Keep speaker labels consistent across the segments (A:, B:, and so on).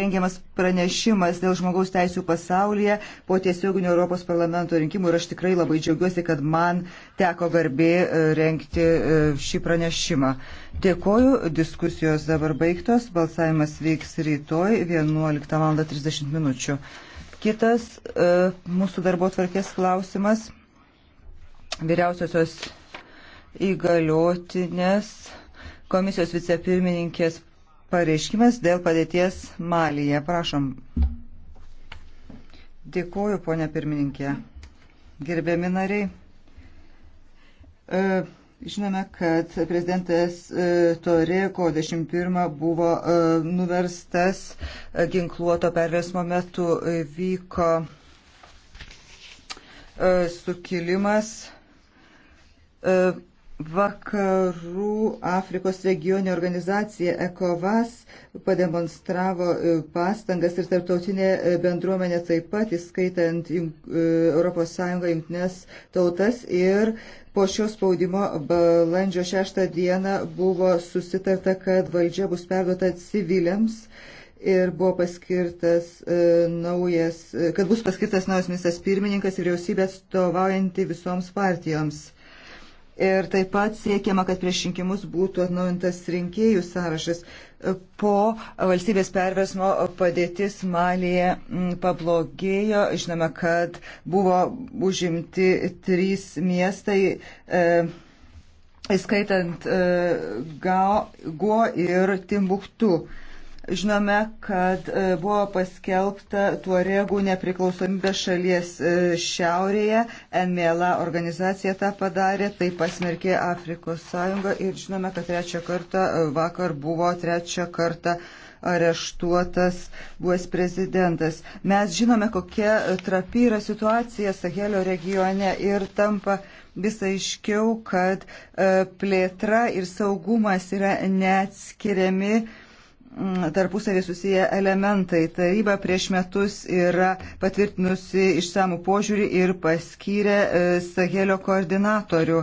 A: rengiamas pranešimas dėl žmogaus teisų pasaulyje po tiesioginių Europos parlamento rinkimų ir aš tikrai labai džiaugiuosi, kad man teko garbė e, renkti e, šį pranešimą. Dėkoju, diskusijos dabar baigtos, balsavimas vyks rytoj 11.30 minučių. Kitas e, mūsų darbo tvarkės klausimas. Vyriausiosios įgaliotinės komisijos vicepirmininkės pareiškimas dėl padėties Malyje. Prašom. Dėkuoju, ponia pirmininkė. Gerbiami nariai. E, žinome, kad prezidentas e, Torė kovo 21 buvo e, nuverstas ginkluoto perversmo metu. Vyko sukilimas Vakarų Afrikos regioninė organizacija ECOVAS pademonstravo e, pastangas ir tarptautinė e, bendruomenė taip pat, įskaitant ES jungtinės tautas ir po šio spaudimo balandžio 6 dieną buvo susitarta, kad valdžia bus perduota civiliams ir buvo paskirtas e, naujas, kad bus paskirtas naujas ministras pirmininkas ir vyriausybė atstovaujanti visoms partijoms. Ir taip pat siekiama, kad prieš rinkimus būtų atnaujintas rinkėjų sąrašas. Po valstybės perversmo padėtis Malėje mm, pablogėjo. Žinome, kad buvo užimti trys miestai, e, įskaitant e, Gao ir Timbuktu. E, Žinome, kad e, buvo paskelbta tuoregų nepriklausomybė šalies e, šiaurėje, NMLA organizacija tą padarė, tai pasmerkė Afrikos sąjunga ir žinome, kad trečią kartą, e, vakar buvo trečią kartą areštuotas buvęs prezidentas. Mes žinome, kokia trapi yra situacija Sahelio regione ir tampa visai iškiau, kad plėtra ir saugumas yra neatskiriami tarpusavį susiję elementai. Taryba prieš metus yra patvirtinusi išsamų požiūrį ir paskyrė e, Sahelio koordinatorių.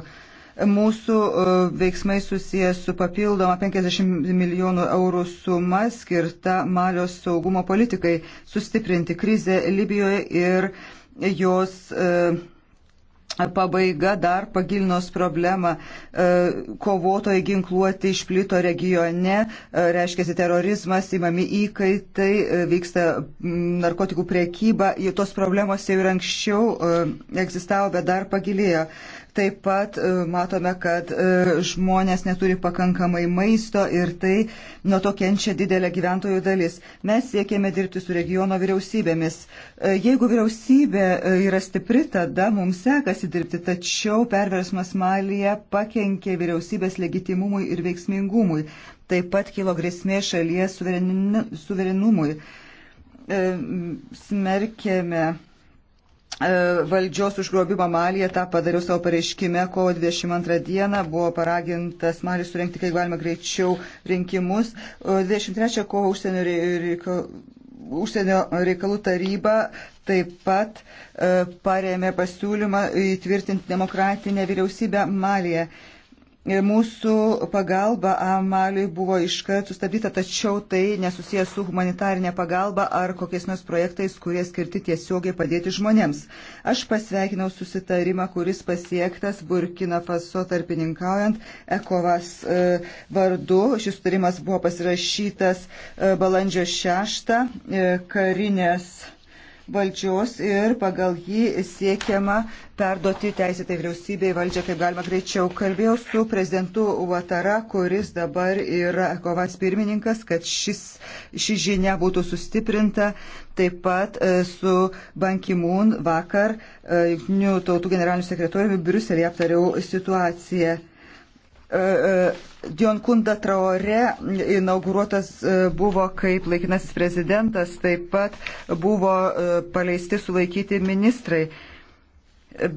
A: Mūsų e, veiksmai susijęs su papildoma 50 milijonų eurų suma skirta Malios saugumo politikai sustiprinti krizę Libijoje ir jos uh, pabaiga dar pagilinos problemą. E, kovotojai ginkluoti išplito regione, e, reiškia terorizmas, įmami įkaitai, e, vyksta narkotikų priekyba. Tos problemos jau ir anksčiau egzistavo, bet dar pagilėjo. Taip pat e, matome, kad e, žmonės neturi pakankamai maisto ir tai nuo to kenčia didelė gyventojų dalis. Mes siekėme dirbti su regiono vyriausybėmis. E, jeigu vyriausybė yra stipri, tada mums sekasi dirbti, tačiau perversmas Malyje pakenkė vyriausybės legitimumui ir veiksmingumui. Taip pat kilo grėsmė šalies suverenumui. Smerkėme E, valdžios užgrobimo Malyje, tą padariau savo pareiškime, kovo 22 dieną buvo paragintas Malis surenkti, kaip galima greičiau, rinkimus. 23 e, kovo užsienio, reika, užsienio reikalų taryba taip pat e, paremė pasiūlymą įtvirtinti demokratinę vyriausybę Malyje. Mūsų pagalba Amaliui buvo iškart sustabdyta, tačiau tai nesusijęs su humanitarinė pagalba ar kokiais nors projektais, kurie skirti tiesiogiai padėti žmonėms. Aš pasveikinau susitarimą, kuris pasiektas Burkina Faso tarpininkaujant Ekovas e, vardu. Šis susitarimas buvo pasirašytas e, balandžio 6 e, karinės valdžios ir pagal jį siekiama perduoti teisėtai vyriausybei valdžią kaip galima greičiau. Kalbėjau su prezidentu Uatara, kuris dabar yra kovas pirmininkas, kad šis, ši žinia būtų sustiprinta. Taip pat e, su Bankimūn vakar e, Junktinių tautų generaliniu sekretoriumi Briuselėje aptariau situaciją. E, e, Dion Kunda Traore inauguruotas e, buvo kaip laikinasis prezidentas, taip pat buvo paleisti sulaikyti ministrai.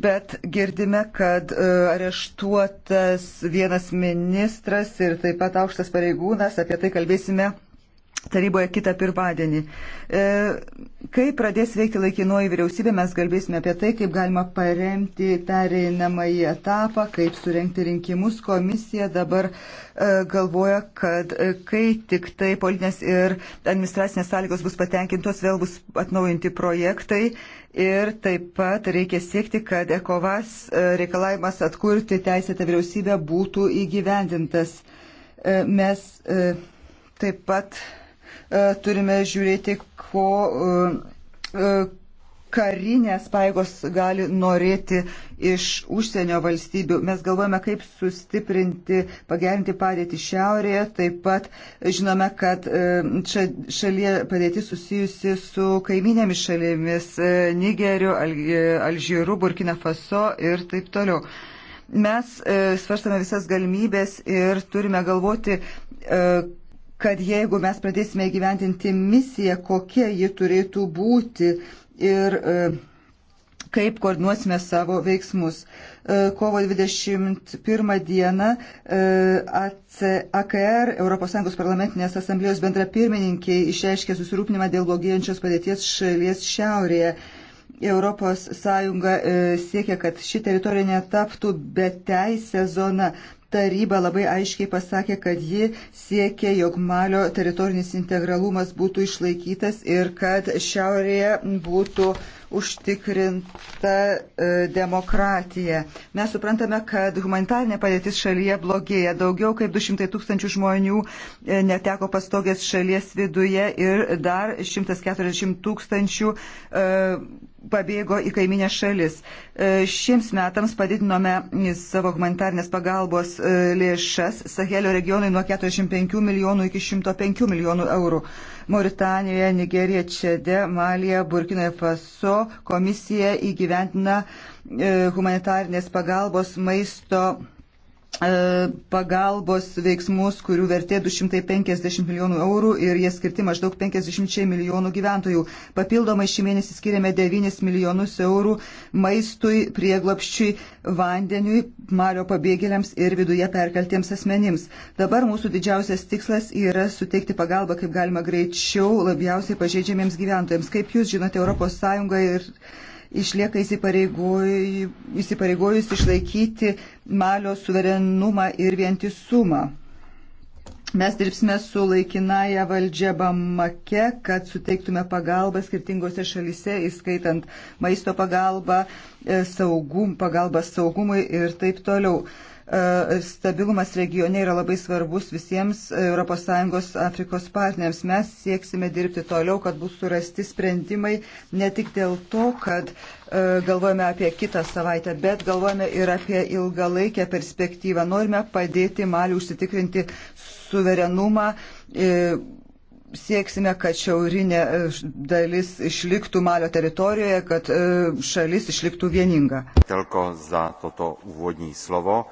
A: Bet girdime, kad areštuotas vienas ministras ir taip pat aukštas pareigūnas, apie tai kalbėsime taryboje kitą pirmadienį. E, kai pradės veikti laikinoji vyriausybė, mes kalbėsime apie tai, kaip galima paremti pereinamąjį etapą, kaip surenkti rinkimus. Komisija dabar e, galvoja, kad e, kai tik tai politinės ir administracinės sąlygos bus patenkintos, vėl bus atnaujinti projektai. Ir taip pat reikia siekti, kad ekovas e, reikalavimas atkurti teisėtą vyriausybę būtų įgyvendintas. E, mes e, taip pat E, turime žiūrėti, ko e, e, karinės paėgos gali norėti iš užsienio valstybių. Mes galvojame, kaip sustiprinti, pagerinti padėtį šiaurėje. Taip pat žinome, kad šalyje padėti susijusi su kaiminėmis šalėmis - Nigeriu, Alžyru, Burkina Faso ir taip toliau. Mes svarstame visas galimybės ir turime galvoti, kad jeigu mes pradėsime gyventinti misiją, kokia ji turėtų būti ir e, kaip koordinuosime savo veiksmus. E, kovo 21 dieną e, AKR, ES parlamentinės asamblėjos bendra pirmininkiai, išreiškė susirūpinimą dėl blogėjančios padėties šalies šiaurėje. ES siekia, kad ši teritorija netaptų beteisė zona taryba labai aiškiai pasakė, kad ji siekia, jog Malio teritorinis integralumas būtų išlaikytas ir kad šiaurėje būtų uh, užtikrinta e, demokratija. Mes suprantame, kad humanitarinė padėtis šalyje blogėja. Daugiau kaip 200 tūkstančių žmonių e, neteko pastogės šalies viduje ir dar 140 tūkstančių e, pabėgo į kaiminę šalis. Šiems metams padidinome savo humanitarnės pagalbos lėšas Sahelio regionui nuo 45 milijonų iki 105 milijonų eurų. Mauritanijoje, Nigerija, Čede, Malija, Burkinoje Faso komisija įgyventina e, humanitarnės pagalbos maisto E, pagalbos veiksmus, kurių vertė 250 milijonų eurų ir jie skirti maždaug 50 milijonų gyventojų. Papildomai šį mėnesį skiriame 9 milijonus eurų maistui, prieglapščiui, vandeniui, mario pabėgėliams ir viduje perkeltiems asmenims. Dabar mūsų didžiausias tikslas yra suteikti pagalbą kaip galima greičiau labiausiai pažeidžiamiems gyventojams. Kaip jūs žinote, ES ir išlieka įsipareigojus išlaikyti Malio suverenumą ir vientisumą. Mes dirbsime su laikinaja valdžia Bamake, kad suteiktume pagalbą skirtingose šalise, įskaitant maisto pagalbą, e, saugum, pagalbą saugumui ir taip toliau. E, stabilumas regione yra labai svarbus visiems ES Afrikos partneriams. Mes sieksime dirbti toliau, kad bus surasti sprendimai ne tik dėl to, kad e, galvojame apie kitą savaitę, bet galvojame ir apie ilgalaikę perspektyvą. Norime padėti Maliu užsitikrinti suverenumą. E, sieksime, kad šiaurinė dalis išliktų Malio teritorijoje, kad šalis išliktų vieninga. Telko za toto uvodní slovo.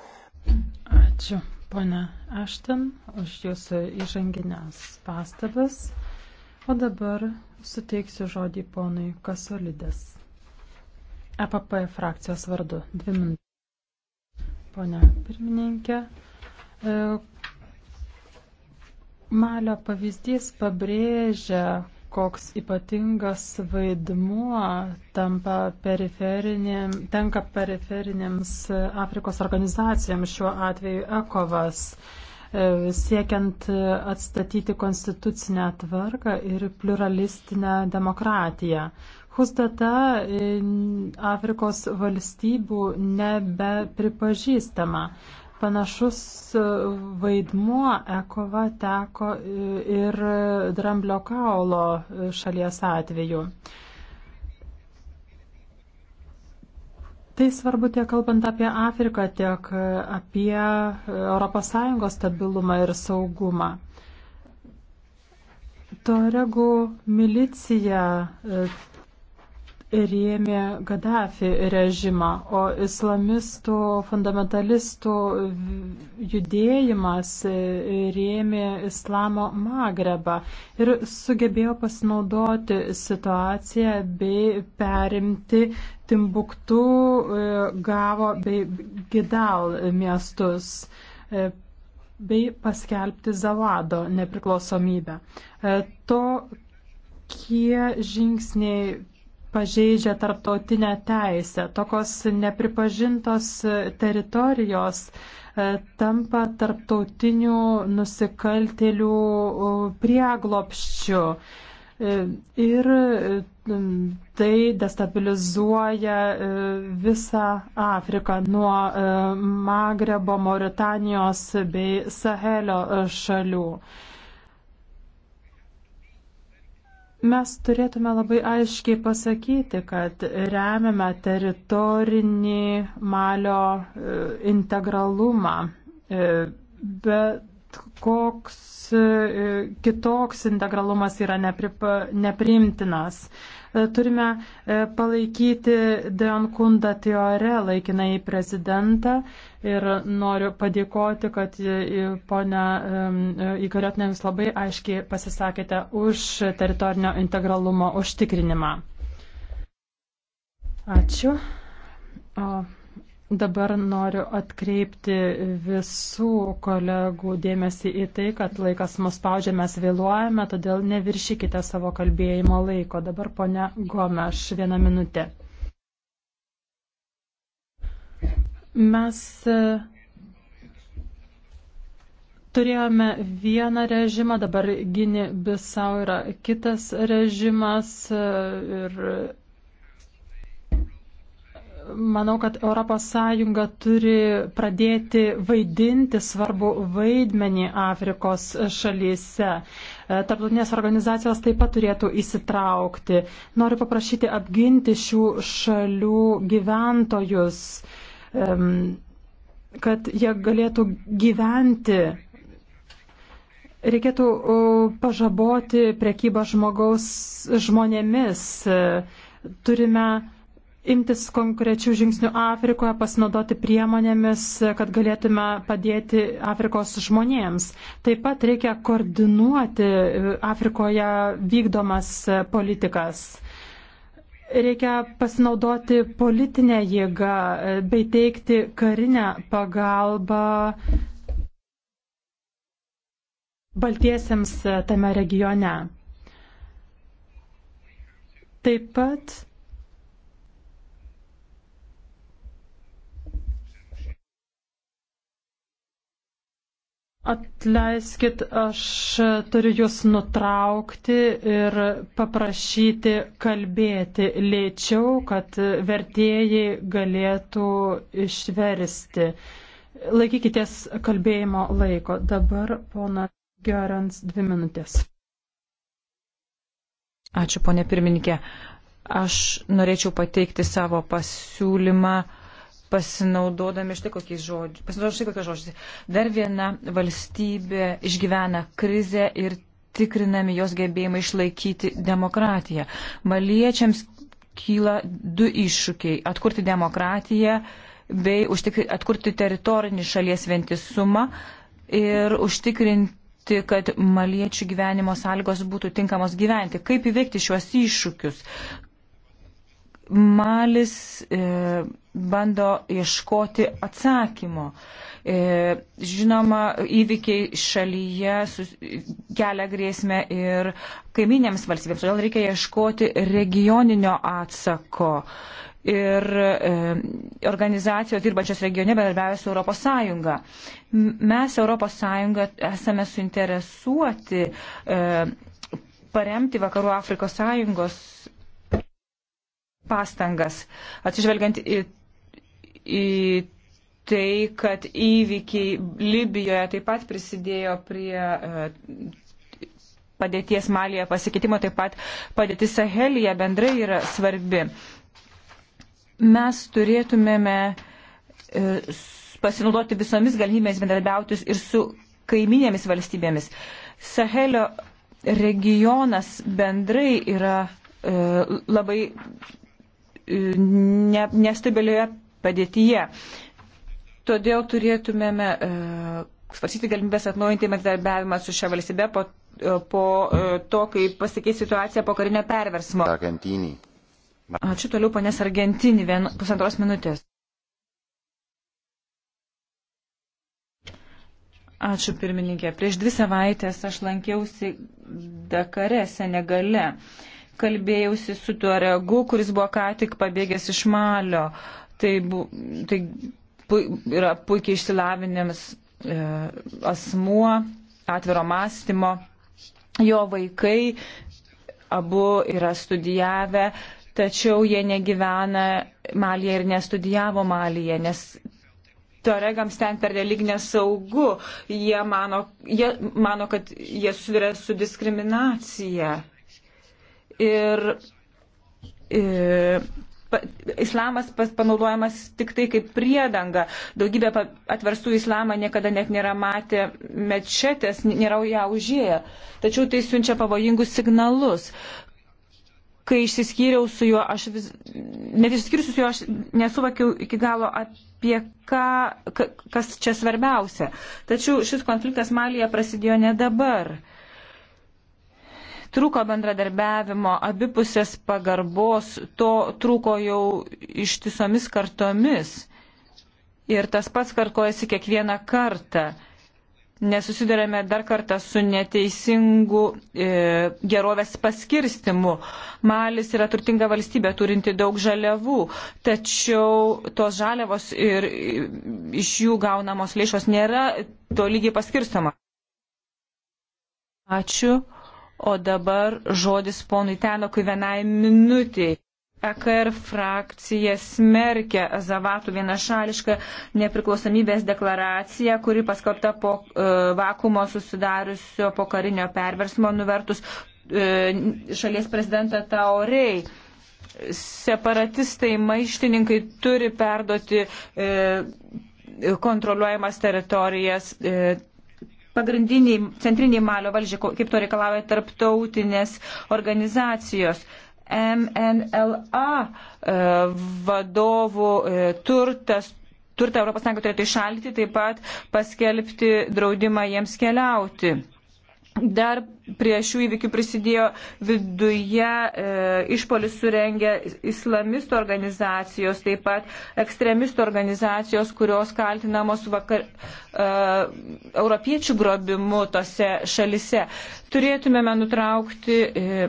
A: Ačiū, ponia
B: Ašten, už jūsų įžanginės pastabas. O dabar suteiksiu žodį ponui Kasolidės. EPP frakcijos vardu. Dvi minutės. Pone pirmininkė. E, Malio pavyzdys pabrėžia, koks ypatingas vaidmuo tampa periferinėm, tenka periferinėms Afrikos organizacijoms, šiuo atveju ECOVAS, e, siekiant atstatyti konstitucinę tvarką ir pluralistinę demokratiją. Husdata e, Afrikos valstybių nebepripažįstama. Panašus vaidmuo Ekova teko ir Dramblio kaulo šalies atveju. Tai svarbu tiek kalbant apie Afriką, tiek apie ES stabilumą ir saugumą. Toregų milicija rėmė Gaddafi režimą, o islamistų fundamentalistų judėjimas rėmė islamo Magrebą ir sugebėjo pasinaudoti situaciją bei perimti Timbuktų, e, Gavo bei Gidal miestus e, bei paskelbti Zavado nepriklausomybę. E, to, kie žingsniai pažeidžia tarptautinę teisę. Tokios nepripažintos teritorijos e, tampa tarptautinių nusikaltėlių e, prieglopščių. E, ir tai destabilizuoja visą Afriką nuo Magrebo, Mauritanijos bei Sahelio šalių. Mes turėtume labai aiškiai pasakyti, kad remiame teritorinį malio e, integralumą, e, bet koks e, kitoks integralumas yra nepripa, nepriimtinas. E, turime e, palaikyti Deon Kunda Teore laikinai prezidentą ir noriu padėkoti, kad e, ponia įkariotinė jūs labai aiškiai pasisakėte už teritorinio integralumo užtikrinimą. Ačiū. O Dabar noriu atkreipti visų kolegų dėmesį į tai, kad laikas mus spaudžia, mes vėluojame, todėl neviršykite savo kalbėjimo laiko. Dabar ponia Gomeš, vieną minutę. Mes e, turėjome vieną režimą, dabar gini visau yra kitas režimas e, ir manau, kad ES turi pradėti vaidinti svarbu vaidmenį Afrikos šalyse. E, tarptautinės organizacijos taip pat turėtų įsitraukti. Noriu paprašyti apginti šių šalių gyventojus, kad jie galėtų gyventi Reikėtų pažaboti prekybą žmogaus žmonėmis. E, turime imtis konkrečių žingsnių Afrikoje, pasinaudoti priemonėmis, kad galėtume padėti Afrikos žmonėms. Taip pat reikia koordinuoti Afrikoje vykdomas politikas. Reikia pasinaudoti politinę jėgą bei teikti karinę pagalbą baltiesiems tame regione. Taip pat Atleiskit, aš turiu jūs nutraukti ir paprašyti kalbėti lėčiau, kad vertėjai galėtų išversti. Laikykitės kalbėjimo laiko. Dabar pona Gerans dvi minutės.
C: Ačiū, ponė pirmininkė. Aš norėčiau pateikti savo pasiūlymą pasinaudodami štai kokiais žodžiais. Pasinaudodami štai kokiais žodžiais. Dar viena valstybė išgyvena krizę ir tikrinami jos gebėjimai išlaikyti demokratiją. Maliečiams kyla du iššūkiai - atkurti demokratiją bei užtikri, atkurti teritorinį šalies vientisumą ir užtikrinti, kad maliečių gyvenimo sąlygos būtų tinkamos gyventi. Kaip įveikti šiuos iššūkius? Malis e, bando ieškoti atsakymo. E, žinoma, įvykiai šalyje sus, kelia grėsmę ir kaiminėms valstybėms, todėl reikia ieškoti regioninio atsako. Ir e, organizacijos dirbančios regione bendarbiavė su Europos Sąjunga. Mes Europos Sąjunga esame suinteresuoti e, paremti Vakarų Afrikos Sąjungos pastangas, atsižvelgiant į, į tai, kad įvykiai Libijoje taip pat prisidėjo prie e, padėties Malėje pasikeitimo, taip pat padėtis Sahelija bendrai yra svarbi. Mes turėtumėme e, pasinaudoti visomis galimybėmis bendradarbiauti ir su kaiminėmis valstybėmis. Sahelio regionas bendrai yra e, labai ne, nestabilioje padėtyje. Todėl turėtumėme uh, e, svarsyti galimybės atnaujinti bendradarbiavimą su šia valstybe po, uh, po uh, to, kai pasikeis situacija po karinio perversmo.
B: Argentinį.
C: Ačiū toliau, ponės Argentinį, vien, pusantros minutės. Ačiū pirmininkė. Prieš dvi savaitės aš lankiausi Dakare, Senegale. Uh, kalbėjausi su tuo regu, kuris buvo ką tik pabėgęs iš Malio. Tai, bu, tai pu, yra puikiai išsilavinėms e, asmuo, atviro mąstymo. Jo vaikai abu yra studijavę, tačiau jie negyvena Malyje ir nestudijavo Malyje, nes toregams ten perdėlyg nesaugu. Jie mano, jie mano, kad jie susiduria su diskriminacija ir, ir e, pa, islamas pas, panaudojamas tik tai kaip priedanga. Daugybė atverstų islamą niekada net nėra matę mečetės, nėra ją užėję. Tačiau tai siunčia pavojingus signalus. Kai išsiskyriau su juo, aš vis, net išsiskyriu su juo, aš nesuvokiau iki galo apie ką, kas čia svarbiausia. Tačiau šis konfliktas Malija prasidėjo ne dabar. Uh, trūko bendradarbiavimo, abipusės pagarbos, to trūko jau ištisomis kartomis. Ir tas pats karkojasi kiekvieną kartą. Nesusidarėme dar kartą su neteisingu e, gerovės paskirstimu. Malis yra turtinga valstybė, turinti daug žaliavų, tačiau tos žaliavos ir e, iš jų gaunamos lėšos nėra tolygiai paskirstoma. Ačiū. O dabar žodis ponui Tenokui vienai minutiai. EKR frakcija smerkia Zavatų vienašališką nepriklausomybės deklaraciją, kuri paskelbta po e, vakumo susidariusio po karinio perversmo nuvertus e, šalies prezidentą Taurei separatistai, maištininkai turi perduoti e, kontroliuojamas teritorijas e, pagrindiniai centriniai Malio valdžiai, kaip to reikalauja tarptautinės organizacijos. MNLA e, vadovų e, turtas. Turtą ES turėtų išalti, taip pat paskelbti draudimą jiems keliauti. Dar prie šių įvykių prisidėjo viduje e, išpolis surengę islamistų organizacijos, taip pat ekstremistų organizacijos, kurios kaltinamos vakar, e, europiečių grobimu tose šalise. Turėtumėme nutraukti. E,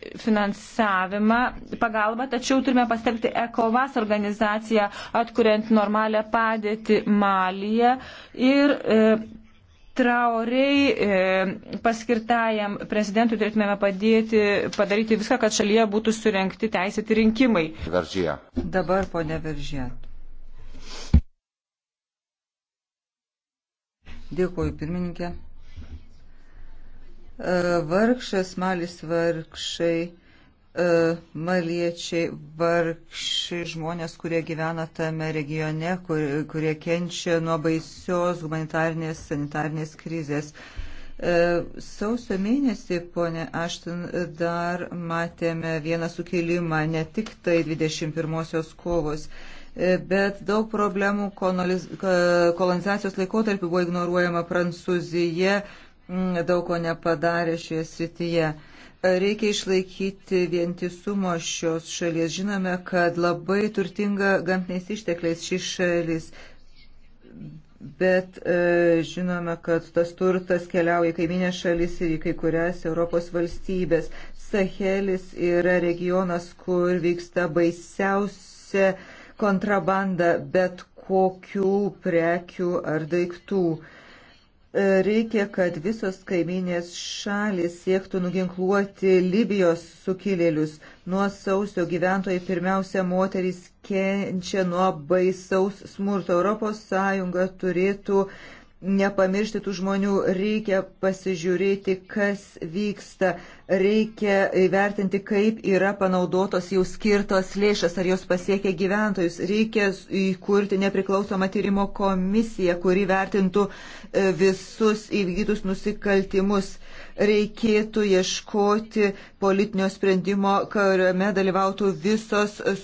C: finansavimą, pagalbą, tačiau turime pastelgti ECOVAS organizaciją, atkuriant normalią padėtį Malyje ir e, Traorei e, paskirtajam prezidentui turėtumėme padėti padaryti viską, kad šalyje būtų surenkti teisėti rinkimai. Veržyje. Dabar ponia Veržyje.
A: Dėkuoju, pirmininkė. E, vargšas, malis vargšai E, maliečiai, vargšiai žmonės, kurie gyvena tame regione, kur, kurie kenčia nuo baisios humanitarnės, sanitarnės krizės. E, sausio mėnesį, ponė Aštin, dar matėme vieną sukilimą, ne tik tai 21-osios kovos, e, bet daug problemų kolonizacijos laikotarpiu buvo ignoruojama Prancūzija, daug ko nepadarė šioje srityje. Reikia išlaikyti vientisumo šios šalies. Žinome, kad labai turtinga gamtiniais ištekliais šis šalis, bet e, žinome, kad tas turtas keliauja į kaiminės šalis ir į kai kurias Europos valstybės. Sahelis yra regionas, kur vyksta baisiausia kontrabanda bet kokių prekių ar daiktų. E, E, reikia, kad visos kaiminės šalis siektų nuginkluoti Libijos sukilėlius. Nuo sausio gyventojai pirmiausia moterys kenčia nuo baisaus smurto. Europos Sąjunga turėtų uh, nepamiršti tų žmonių, reikia pasižiūrėti, kas vyksta, reikia įvertinti, kaip yra panaudotos jau skirtos lėšas, ar jos pasiekia gyventojus, reikia įkurti nepriklausomą tyrimo komisiją, kuri vertintų e, visus įvykdytus nusikaltimus. Reikėtų ieškoti politinio sprendimo, kuriame dalyvautų visos e,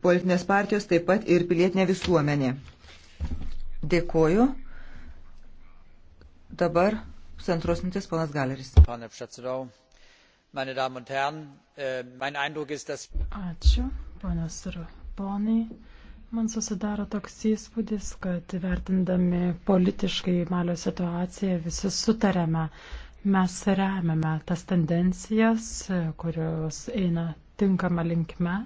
A: politinės partijos, taip pat ir pilietinė visuomenė. Dėkuoju. Dabar pusantros mintis ponas Galeris. Eh,
B: Ačiū, ponas ir ponai. Man susidaro toks įspūdis, kad vertindami politiškai Malio situaciją visi sutarėme, mes remiame tas tendencijas, kurios eina tinkama linkme,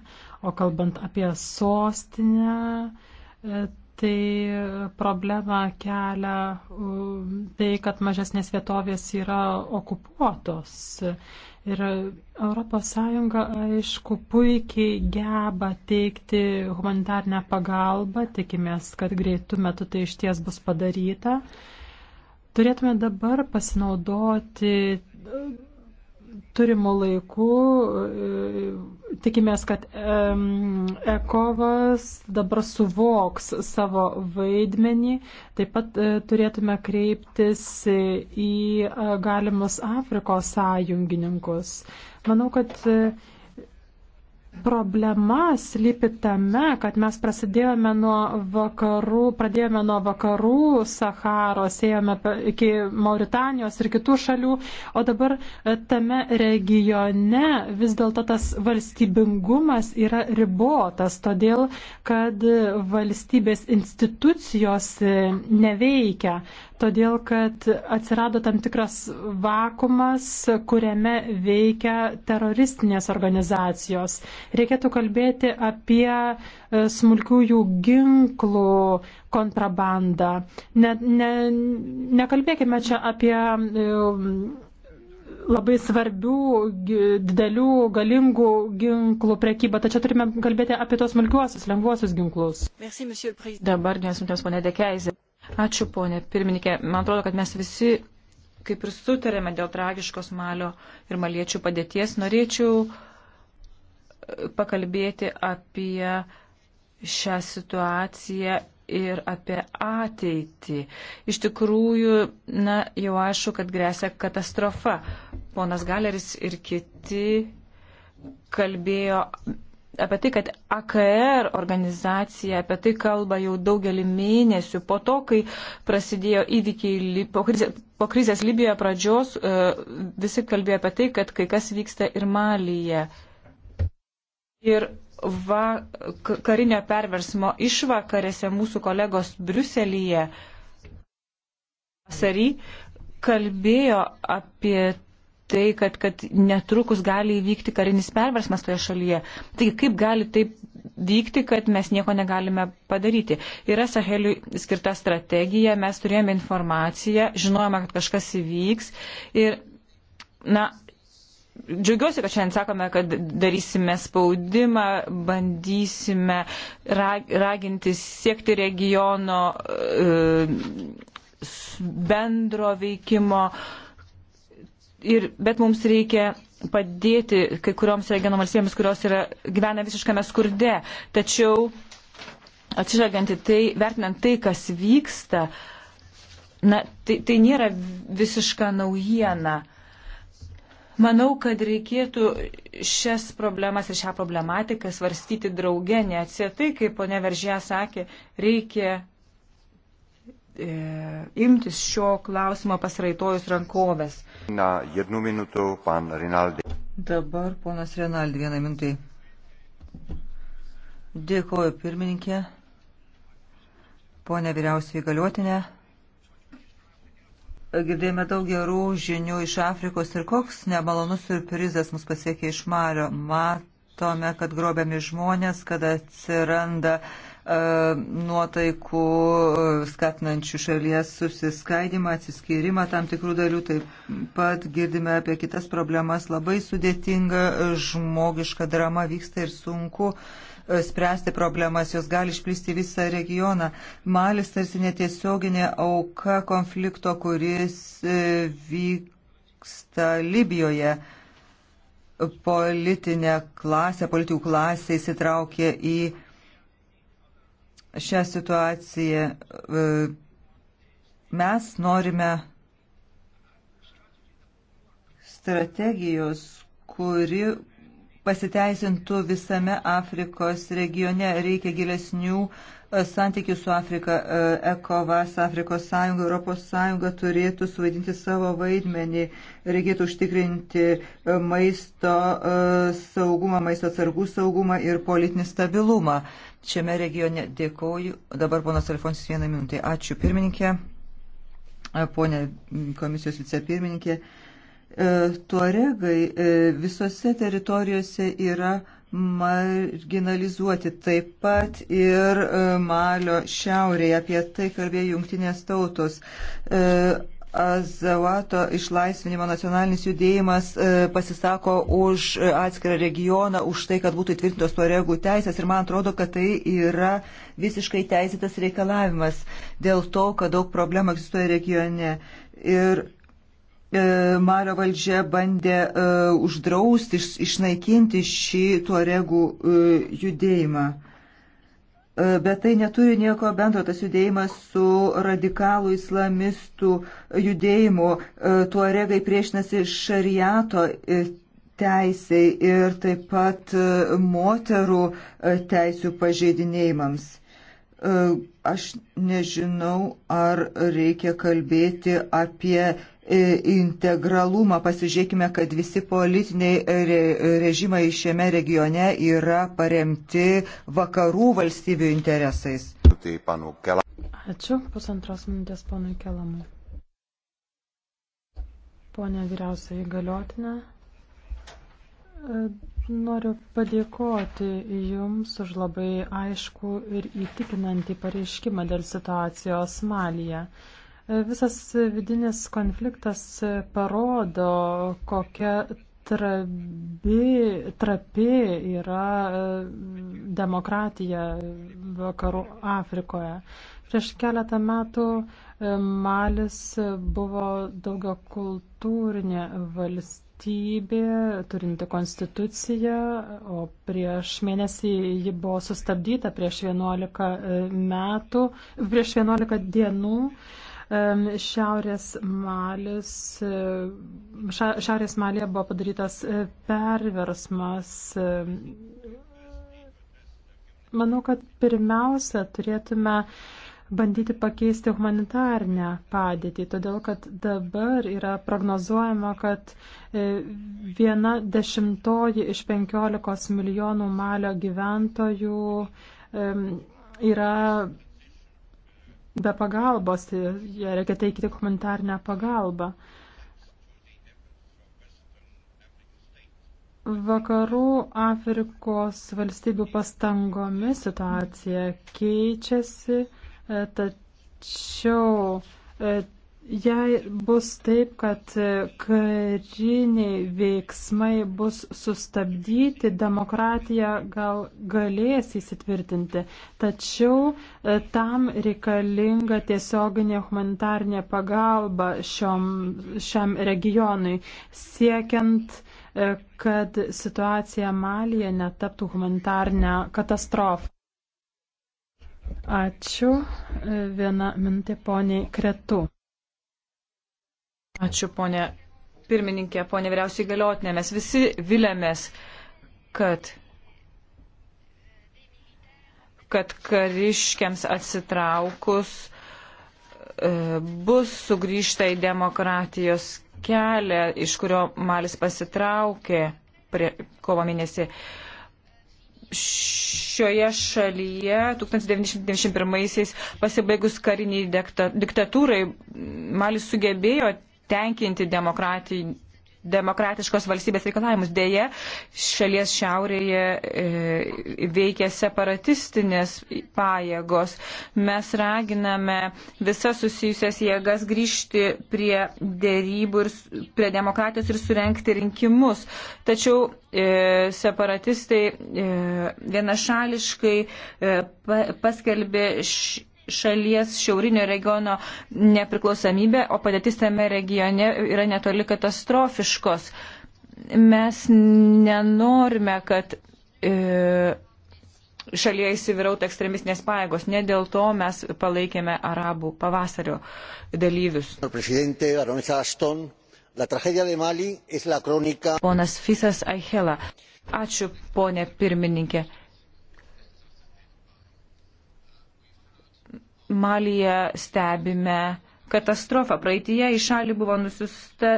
B: o kalbant apie sostinę, tai problemą kelia tai, kad mažesnės vietovės yra okupuotos. Ir ES, aišku, puikiai geba teikti humanitarnę pagalbą, tikimės, kad greitų metų tai iš ties bus padaryta. Turėtume dabar pasinaudoti turimo laiku e, tikimės, kad ekovas dabar suvoks savo vaidmenį. Taip pat e, turėtume kreiptis į e, galimus Afrikos sąjungininkus. Manau, kad problema slypi tame, kad mes prasidėjome nuo vakarų, pradėjome nuo vakarų Saharos, ėjome iki Mauritanijos ir kitų šalių, o dabar e, tame regione vis dėlto tas valstybingumas yra ribotas, todėl kad valstybės institucijos e, neveikia todėl kad atsirado tam tikras vakumas, kuriame veikia teroristinės organizacijos. Reikėtų kalbėti apie e, smulkiųjų ginklų kontrabandą. Ne, ne, nekalbėkime čia apie e, labai svarbių, didelių, galingų ginklų prekybą. Tačiau turime kalbėti apie tos smulkiuosius, lengvuosius ginklus. Merci, Dabar nesmintės, ponė Dekeizė. Ačiū, ponė pirmininkė. Man atrodo, kad mes visi
C: kaip ir sutarėme dėl tragiškos malio ir maliečių padėties. Norėčiau e, pakalbėti apie šią situaciją ir apie ateitį. Iš tikrųjų, na, jau aišku, kad grėsia katastrofa. Ponas Galeris ir kiti kalbėjo apie tai, kad AKR organizacija apie tai kalba jau daugelį mėnesių po to, kai prasidėjo įvykiai po, krizė, po krizės Libijoje pradžios, e, visi kalbėjo apie tai, kad kai kas vyksta ir Malyje. Ir va, karinio perversmo išvakarėse mūsų kolegos Briuselyje Sary kalbėjo apie tai, kad, kad netrukus gali įvykti karinis perversmas toje šalyje. Taigi kaip gali taip vykti, kad mes nieko negalime padaryti. Yra Saheliui skirta strategija, mes turėjome informaciją, žinojame, kad kažkas įvyks ir, na, Džiaugiuosi, kad šiandien sakome, kad darysime spaudimą, bandysime raginti siekti regiono e, bendro veikimo, uh, ir, bet mums reikia padėti kai kurioms regiono valstybėms, kurios yra, gyvena visiškame skurde. Tačiau atsižvelgiant į tai, vertinant tai, kas vyksta, na, tai, tai nėra visiška naujiena. Manau, kad reikėtų šias problemas ir šią problematiką svarstyti drauge, neatsietai, kaip ponia Veržė sakė, reikia E, imtis šio klausimo pasraitojus
A: rankovės.
B: Na, jednu minutų, pan Rinaldi.
A: Dabar ponas Rinaldi, vieną minutį. Dėkuoju pirmininkė, ponė vyriausiai galiotinė. Girdėjome daug gerų žinių iš Afrikos ir koks nemalonus surprizas mus pasiekė iš Mario. Matome, kad grobiami žmonės, kad atsiranda uh, E, nuotaikų, e, skatinančių šalies susiskaidimą, atsiskyrimą tam tikrų dalių. Taip pat girdime apie kitas problemas. Labai sudėtinga žmogiška drama vyksta ir sunku e, spręsti problemas, jos gali išplisti visą regioną. Malis tarsi netiesioginė auka konflikto, kuris vyksta Libijoje politinė klasė, politikų klasė įsitraukė į šią situaciją. E, mes norime strategijos, kuri pasiteisintų visame Afrikos regione. Reikia gilesnių e, santykių su Afrika. E, ECOVAS, Afrikos sąjunga, Europos sąjunga turėtų suvaidinti savo vaidmenį. Reikėtų užtikrinti e, maisto saugumą, maisto atsargų saugumą ir politinį stabilumą. Šiame regione dėkoju. Dabar ponas Alfonsis vieną minutę. Ačiū pirmininkė, ponė komisijos vicepirmininkė. E, tuaregai e, visose teritorijose yra marginalizuoti taip pat ir e, Malio šiaurėje. Apie tai kalbėjo jungtinės tautos. Azavato išlaisvinimo nacionalinis judėjimas pasisako už atskirą regioną, už tai, kad būtų įtvirtintos tuaregų teisės ir man atrodo, kad tai yra visiškai teisėtas reikalavimas dėl to, kad daug problemų egzistuoja regione. Ir E, Mario valdžia bandė e, uždrausti, išnaikinti šį tuoregų e, judėjimą. Bet tai neturi nieko bendro tas judėjimas su radikalų islamistų judėjimu. Tuoregai priešinasi šariato teisiai ir taip pat moterų teisių pažeidinėjimams. Aš nežinau, ar reikia kalbėti apie integralumą, pasižiūrėkime, kad visi politiniai režimai šiame regione yra paremti vakarų valstybių interesais. Tai
B: Ačiū. Pusantros minutės ponui Kelamui. Pone vyriausiai galiotinė, e, noriu padėkoti Jums už labai aišku ir įtikinantį pareiškimą dėl situacijos Malyje. Visas vidinis konfliktas parodo, kokia trabi, trapi yra e, demokratija vakarų Afrikoje. Prieš keletą metų e, Malis buvo daugio kultūrinė valstybė, turinti konstituciją, o prieš mėnesį ji buvo sustabdyta prieš 11 e, metų, prieš 11 dienų. Šiaurės Malis, šiaurės Malėje buvo padarytas e, perversmas. Manau, kad pirmiausia turėtume bandyti pakeisti humanitarnę padėtį, todėl kad dabar yra prognozuojama, kad e, viena dešimtoji iš penkiolikos milijonų malio gyventojų yra be pagalbos, jie reikia teikti komentarnę pagalbą. Vakarų Afrikos valstybių pastangomis situacija keičiasi, e, tačiau e, Jei bus taip, kad kariniai veiksmai bus sustabdyti, demokratija gal galės įsitvirtinti, tačiau e, tam reikalinga tiesioginė humanitarnė pagalba šiom, šiam regionui, siekiant, e, kad situacija Malija netaptų humanitarnę katastrofą. Ačiū. E, viena mintė poniai Kretu. Ačiū, ponė
C: pirmininkė, ponė vyriausiai galiotinė. Mes visi vilėmės, kad kad kariškiams atsitraukus e, bus sugrįžta į demokratijos kelią, iš kurio Malis pasitraukė prie kovo mėnesį. Šioje šalyje 1991-aisiais pasibaigus kariniai diktatūrai Malis sugebėjo tenkinti demokratiškos valstybės reikalavimus. Deja, šalies šiaurėje e, veikia separatistinės pajėgos. Mes raginame visas susijusias jėgas grįžti prie dėrybų ir prie demokratijos ir surenkti rinkimus. Tačiau e, separatistai e, vienašališkai e, pa, paskelbė š, šalies šiaurinio regiono nepriklausomybę, o padėtis tame regione yra netoli katastrofiškos. Mes nenorime, kad e, šalyje įsivirautų ekstremistinės pajėgos. Ne dėl to mes palaikėme arabų pavasario dalyvius. Ponas Fisas Aichela. Ačiū, ponė pirmininkė. Malyje stebime katastrofą. Praeitie į šalį buvo nusiusta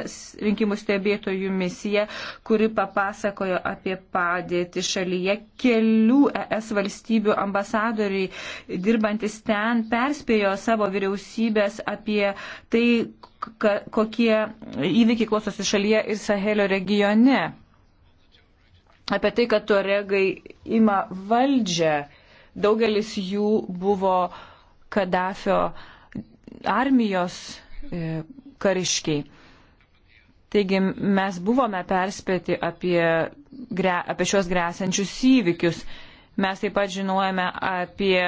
C: rinkimų stebėtojų misija, kuri papasakojo apie padėtį šalyje. Kelių ES valstybių ambasadoriai, dirbantis ten, perspėjo savo vyriausybės apie tai, kokie įvykiai klostosi šalyje ir Sahelio regione. Apie tai, kad tuoregai ima valdžią. Daugelis jų buvo uh, Kadafio armijos e, kariškiai. Taigi mes buvome perspėti apie, apie šios grėsančius įvykius. Mes taip pat žinojame apie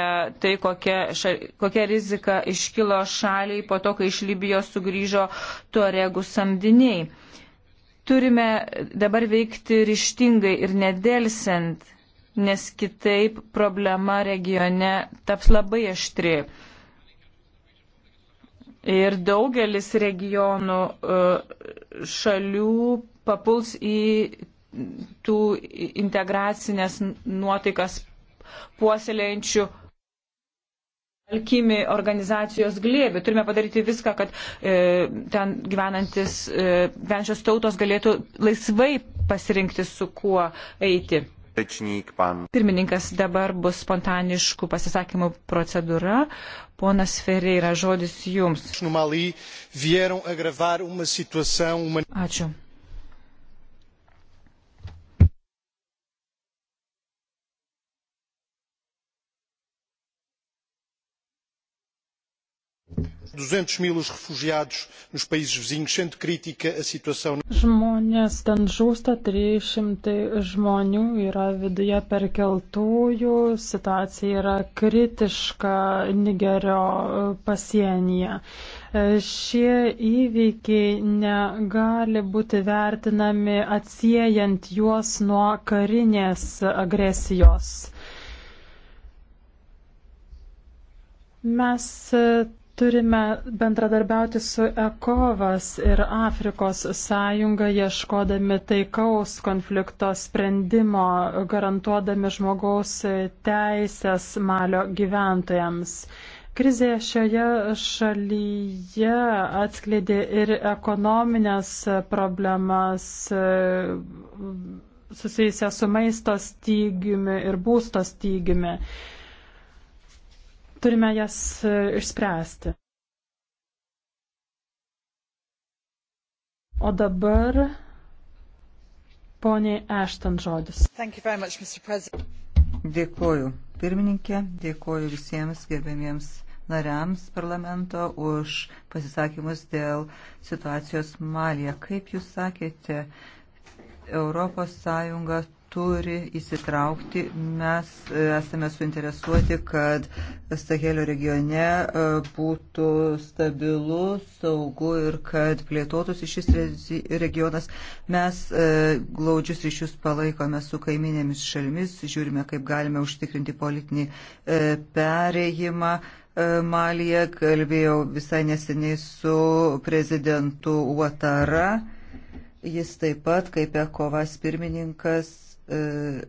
C: tai, kokia, šal, kokia rizika iškilo šaliai po to, kai iš Libijos sugrįžo tuoregų samdiniai. Turime dabar veikti ryštingai ir nedelsiant nes kitaip problema regione taps labai aštri. Ir daugelis regionų e, šalių papuls į tų integracinės nuotaikas puoselėjančių alkymi organizacijos glėbi. Turime padaryti viską, kad e, ten gyvenantis, e, gyvenančios tautos galėtų laisvai pasirinkti, su kuo eiti.
B: Pirmininkas
C: dabar bus spontaniškų pasisakymų procedūra. Ponas Ferreira, žodis jums. Ačiū. 200 mil os refugiados nos países vizinhos, sendo
B: crítica a situação. Žmonės ten žūsta, 300 žmonių yra viduje perkeltųjų, situacija yra kritiška Nigerio pasienyje. E, šie įvykiai negali būti vertinami atsiejant juos nuo karinės agresijos. Mes Turime bendradarbiauti su ECOVAS ir Afrikos sąjunga, ieškodami taikaus konflikto sprendimo, garantuodami žmogaus teisės malio gyventojams. Krizė šioje šalyje atskleidė ir ekonominės problemas e, susijusią su maisto stygiumi ir būsto stygiumi turime jas e, išspręsti.
A: O dabar poniai Ešton žodis. Much, dėkoju pirmininkė, dėkoju visiems gerbėmiems nariams parlamento už pasisakymus dėl situacijos Malija. Kaip jūs sakėte, ES turi įsitraukti. Mes e, esame suinteresuoti, kad Sahelio regione e, būtų stabilu, saugu ir kad plėtotųsi šis regionas. Mes e, glaudžius ryšius palaikome su kaiminėmis šalimis, žiūrime, kaip galime užtikrinti politinį perėjimą. Malija kalbėjau visai neseniai su prezidentu Uatara. Jis taip pat, kaip Ekovas pirmininkas, E, e,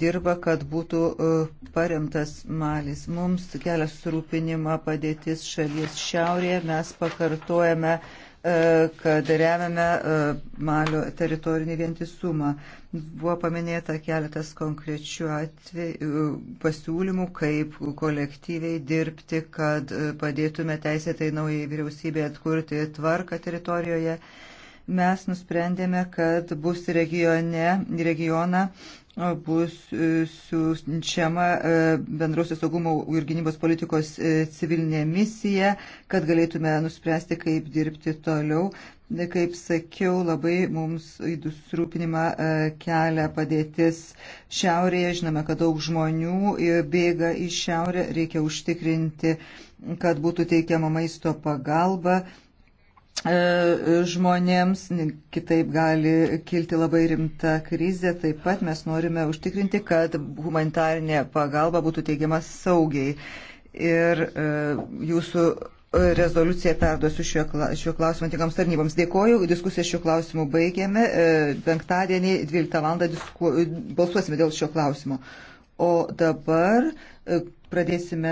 A: dirba, kad būtų e, paremtas Malis. Mums kelia surūpinimą padėtis šalies šiaurėje. Mes pakartojame, kad remiame Malio teritorinį vientisumą. Buvo paminėta keletas konkrečių atvejų, pasiūlymų, kaip kolektyviai dirbti, kad padėtume teisėtai naujai vyriausybėje atkurti tvarką teritorijoje mes nusprendėme, kad bus regione, regioną bus e, siunčiama e, bendrausios saugumo ir gynybos politikos e, civilinė misija, kad galėtume nuspręsti, kaip dirbti toliau. Kaip sakiau, labai mums įdusrūpinimą kelia padėtis šiaurėje. Žinome, kad daug žmonių bėga į šiaurę, reikia užtikrinti, kad būtų teikiama maisto pagalba E, žmonėms, kitaip gali kilti labai rimta krizė. Taip pat mes norime užtikrinti, kad humanitarinė pagalba būtų teigiama saugiai. Ir e, jūsų rezoliuciją perduosiu šiuo klausimu tikams tarnyboms. Dėkoju, diskusiją šiuo klausimu baigėme. E, penktadienį 12 val. Disku... balsuosime dėl šio klausimo. O dabar pradėsime.